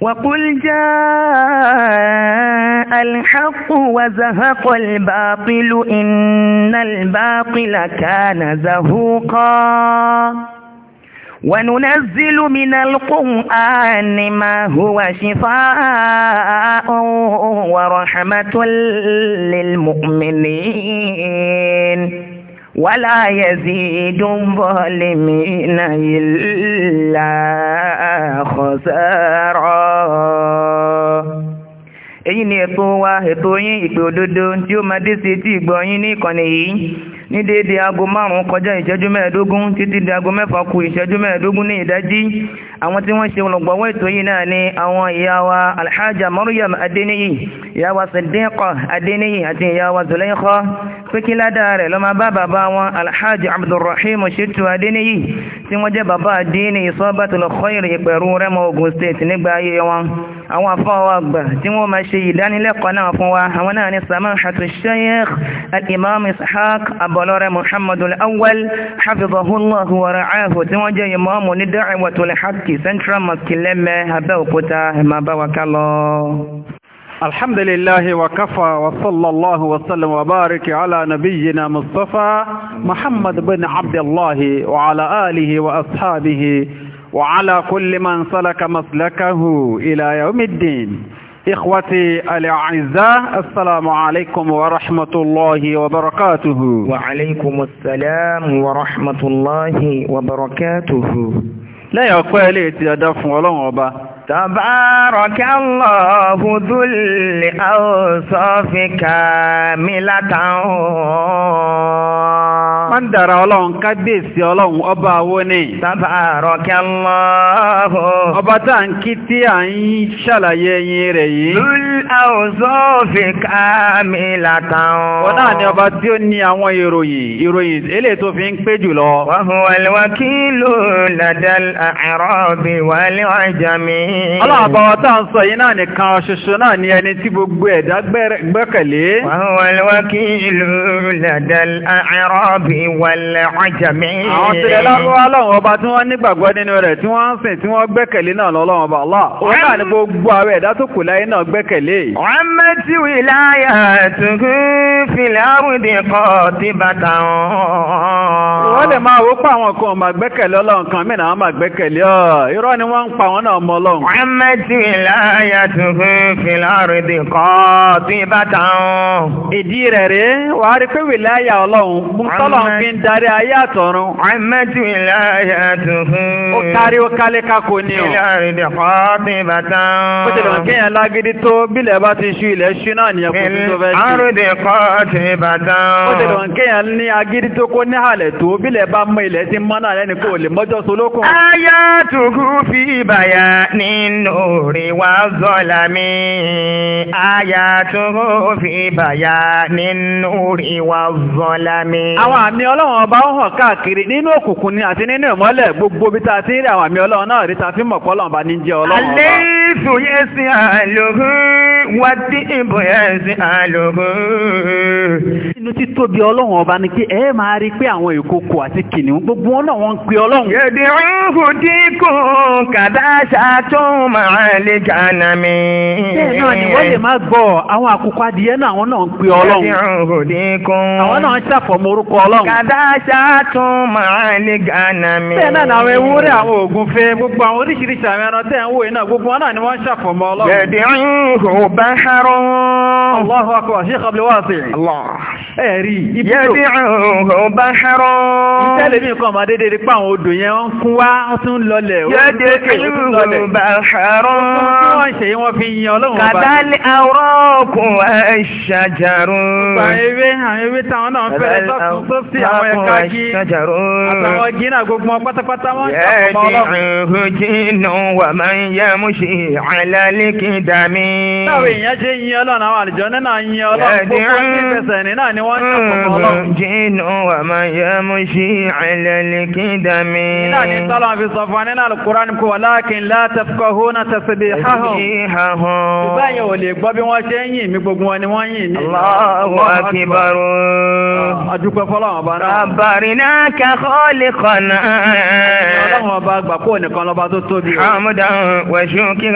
وقل جاء الحق وزهق الباطل إن الباطل كان زهوقا وننزل من القرآن ما هو شفاء ورحمة للمؤمنين ولا يزيد الظالمين إلا خسارا yìí ni ètò wa ètò yín ìpè òdodo tí ó máa dé sí etí ìgbọ́ yín ní ìkànnì yìí ní déédéé aago márùn-ún kọjá ìṣẹ́jú mẹ́ẹ̀ẹ́dógún títí di aago mẹ́fà kù ìṣẹ́jú mẹ́ẹ̀ẹ́dógún ní ìdájí àwọn tí wọ́n ṣe olùgbọ̀wọ́ ètò yìí náà ni àwọn ìyá wa alhaja maryam adeniyi ìyá wa sadiqa adeniyi àti ìyá wa zulaikha pé kí ládàá rẹ̀ lọ́mọ bá bàbá wọn alhaji abdulrahim shitu adeniyi tí wọ́n jẹ́ bàbá àdínì ìsọ́bàtì lọ kọ́yìnrì ìpẹ̀rú rẹ́mọ Ògùn state nígbà ayé wọn àwọn afọ́wọ́ àgbà tí wọ́n máa ṣe ìdánilẹ́kọ̀ọ́ náà fún wa àwọn náà ni samahatu sheikh al-imam ishaq central mosque lẹ́mẹ́ abẹ́òkúta ẹ máa الحمد لله وكفى وصلى الله وسلم وبارك على نبينا مصطفى محمد بن عبد الله وعلى آله وأصحابه وعلى كل من سلك مسلكه إلى يوم الدين إخوتي الأعزاء السلام عليكم ورحمة الله وبركاته وعليكم السلام ورحمة الله وبركاته لا يقول لي تدفع الله تبارك الله ذل الأوصاف كاملة kọ́ndàrà ọlọ́run kábíyèsí ọlọ́run ọba awó ní tabarakallahu ọba tá ń kí tí à ń ṣàlàyé ẹyin rẹ̀ yìí lul awsafi kamilatan wọn náà ni ọba tí ó ní àwọn ìròyìn ìròyìn eléyìí tó fi ń pé jùlọ wa huwa alwakilu ladal a'rabi wal ajami ọlọ́ọ̀bọ̀ tá ń sọ yìí náà nìkan ṣoṣo náà ni ẹni tí gbogbo ẹ̀dá gbẹ́kẹ̀lé wa huwa alwakilu ladal a'rabi wàlẹ̀ ọjàmí. àwọn tilẹ̀ lọ́rọ́ ọlọ́run ọba tí wọ́n nígbàgbọ́ nínú rẹ̀ tí wọ́n ń sìn tí wọ́n gbẹ́kẹ̀lé náà lọ́lọ́run ọba Allah. wọ́n náà ní gbogbo àwọn ẹ̀dá tó kù láyé náà gbẹ́kẹ̀lé. wọ́n mẹ́tí wìláyà tùkú fìlà àrùndínkọ́ tí bàtà wọn dẹ̀ máa wó pa àwọn kan máa gbẹ́kẹ̀lé ọlọ́run kan mìíràn àwọn máa gbẹ́kẹ̀lé ọ̀ irọ́ ni wọ́n ń pa wọn náà mọ ọlọ́run. ẹ̀mẹ́tì láyà tún fi fìlárì dì kọ́ tí bàtà ń. ìdí rẹ̀ rèé wàá rí pé wìláyà ọlọ́run mùsọ́lọ̀ fi ń darí ayé àtọ̀run. ẹ̀mẹ́tì láyà tún ó kárí ó kálé kákó ni o. fìlárì dì kọ́ tí bàtà ń. bó tilẹ̀ kéèyàn lágídí tó bílẹ̀ bá ti ṣú ilẹ̀ ṣú náà nìyẹn kò tún fẹ́ ilẹ̀ bá mọ́ ilẹ̀ tí mọ́ náà lẹ́ni kò lè mọ́jọ́ solókùn. ayá tukú fi ìbàyà nínú rí wá zọ́là mi ayá tukú fi ìbàyà nínú rí wá zọ́là mi. àwọn àmì ọlọ́run ọba ń hàn káàkiri nínú òkùnkùn ni àti nínú ìmọ́lẹ̀ gbogbo bí ta ti rí àwọn àmì ọlọ́run náà rí ta fi mọ̀ pọ́lọ́run bá ní jẹ́ ọlọ́run ọba. alẹ́ ìsòyẹ́sì àlòkù wá títóbi ọlọ́run ọba ni pé ẹ máa rí pé àwọn ìkókò àti kìnìún gbogbo wọn náà wọ́n ń pe ọlọ́run. gèdè rúkú dínkù kàdáṣà tó máa lè jàǹdà mi. bẹ́ẹ̀ náà ni wọ́n lè má gbọ́ àwọn àkókò adìyẹ náà àwọn náà ń pe ọlọ́run. gèdè rúkú dínkù. àwọn náà ń ṣàfọ̀mọ́ orúkọ ọlọ́run. kàdáṣà tó máa lè jàǹdà mi. bẹ́ẹ̀ náà làwọn ewúrẹ́ àwọn ògúnfẹ́ gbogbo àwọn oríṣiríṣi àwọn ẹran tẹ́ Allah ẹ̀rí ibùdó. yẹ́dí ọ̀hún bá ṣẹ́rọ́. ìtẹ́lẹ̀ mi kan máa dédé rí pa àwọn odò yẹn ń kún wá tún lọlẹ̀. yẹ́dí ọ̀hún bá ṣẹ́rọ́. kí wọ́n ṣe wọ́n fi yan ọlọ́run bá. kàdálí àwòrán-ọkùn àṣàjàrún. àwọn ewé àwọn ewé táwọn náà fẹ́rẹ̀ sọ́kùn sófì àwọn ẹ̀ka gí. àtàwọn gínà gbogbo pátápátá wọn ṣàkóso wọ́n ń ṣàkóso mm, ọlọ́run. jínú wà máa yẹ mú sí àìlẹ́lẹ́ kí dàmí. iná ní sọ́lọ́ fi sọ fún wa nínú alukuran kò wà láàkín látẹ̀fọ́ ọba àgbà nìkan lọ́ba tó tóbi. àmúdà wẹ̀ṣù kí